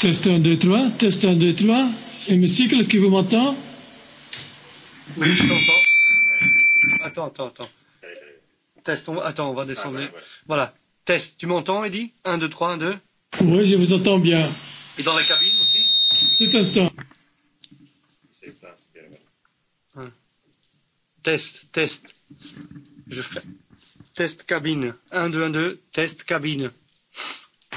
Test 1, 2, 3, test 1, 2, 3. Hémicycle, est-ce que vous m'entend Oui, je t'entends. Attends, attends, attends. Test, on... Attends, on va descendre. Ah, voilà, voilà. voilà. Test, tu m'entends, Eddy 1, 2, 3, 1, 2. Oui, je vous entends bien. Et dans la cabine aussi Tout instant. Un. Test, test. Je fais. Test cabine. 1, 2, 1, 2. Test cabine.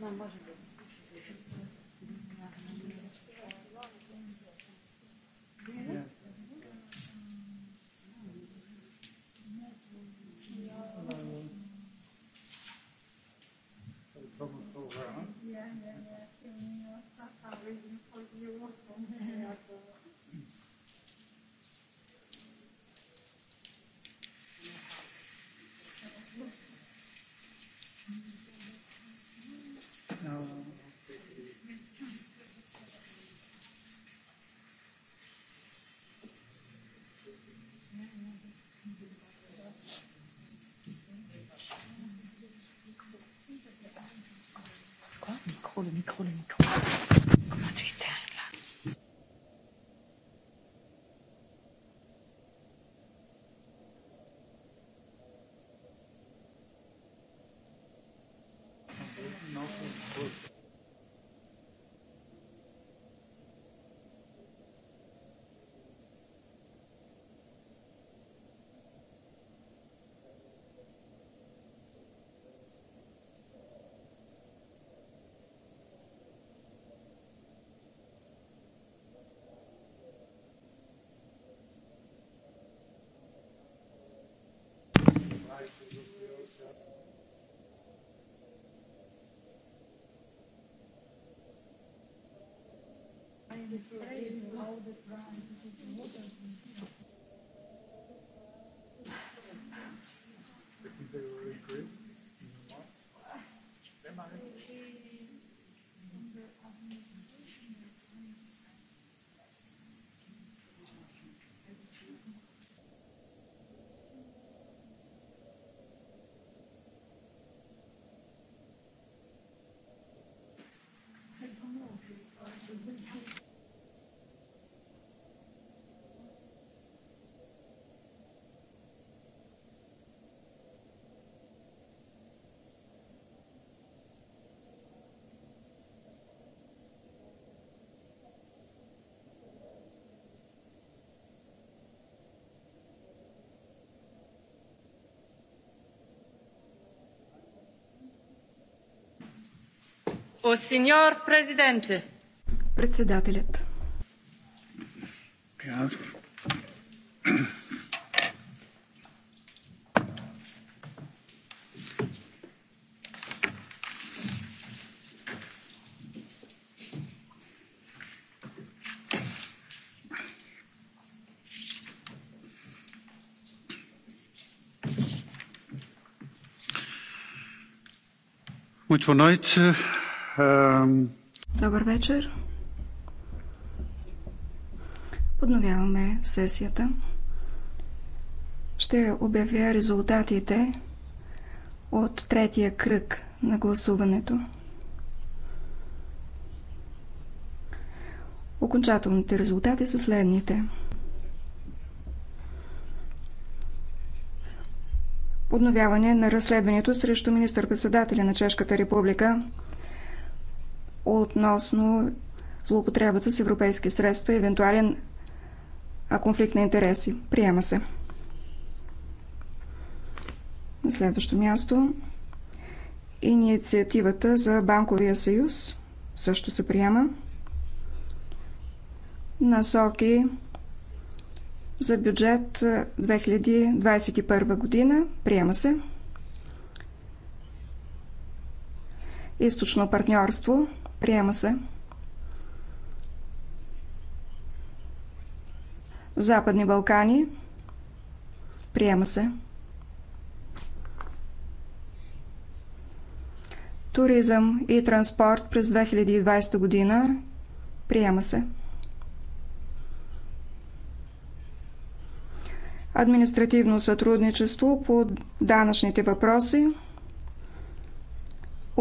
Не, може би. מיקרו למיקרו. О, сеньор президенте! Председателят. Добър вечер. Подновяваме сесията. Ще обявя резултатите от третия кръг на гласуването. Окончателните резултати са следните. подновяване на разследването срещу министър-председателя на Чешката република относно злоупотребата с европейски средства и евентуален конфликт на интереси. Приема се. На следващо място инициативата за Банковия съюз също се приема. Насоки за бюджет 2021 година приема се. Източно партньорство – Приема се. Западни Балкани. Приема се. Туризъм и транспорт през 2020 година. Приема се. Административно сътрудничество по данъчните въпроси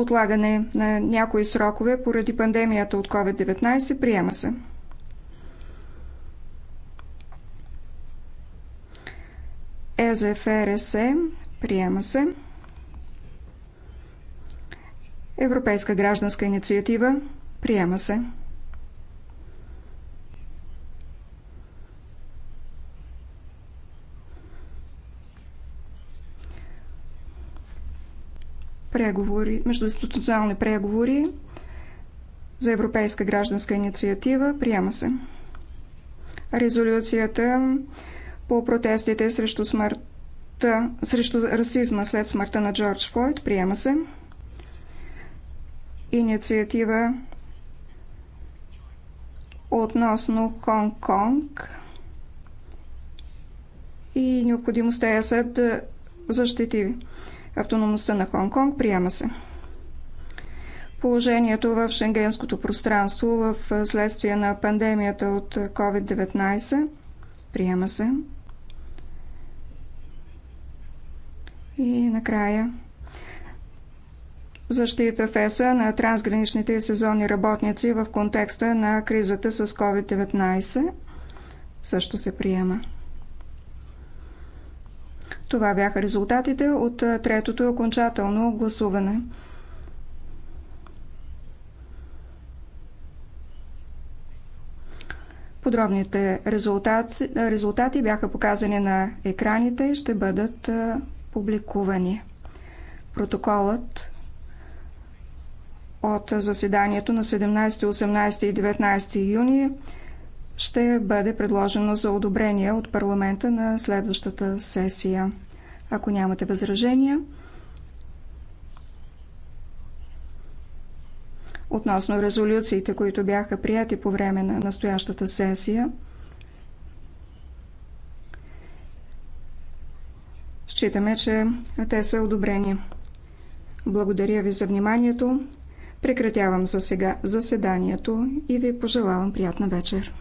отлагане на някои срокове поради пандемията от COVID-19. Приема се. ЕЗФРС. Приема се. Европейска гражданска инициатива. Приема се. преговори, междуинституционални преговори за Европейска гражданска инициатива. Приема се. Резолюцията по протестите срещу смъртта, срещу расизма след смъртта на Джордж Флойд. Приема се. Инициатива относно Хонг-Конг и необходимостта е след да защити автономността на Хонг-Конг. Приема се. Положението в шенгенското пространство в следствие на пандемията от COVID-19. Приема се. И накрая защита в ЕСА на трансграничните и сезонни работници в контекста на кризата с COVID-19 също се приема. Това бяха резултатите от третото окончателно гласуване. Подробните резултати, резултати бяха показани на екраните и ще бъдат публикувани. Протоколът от заседанието на 17, 18 и 19 юни ще бъде предложено за одобрение от парламента на следващата сесия. Ако нямате възражения, относно резолюциите, които бяха прияти по време на настоящата сесия, считаме, че те са одобрени. Благодаря ви за вниманието. Прекратявам за сега заседанието и ви пожелавам приятна вечер.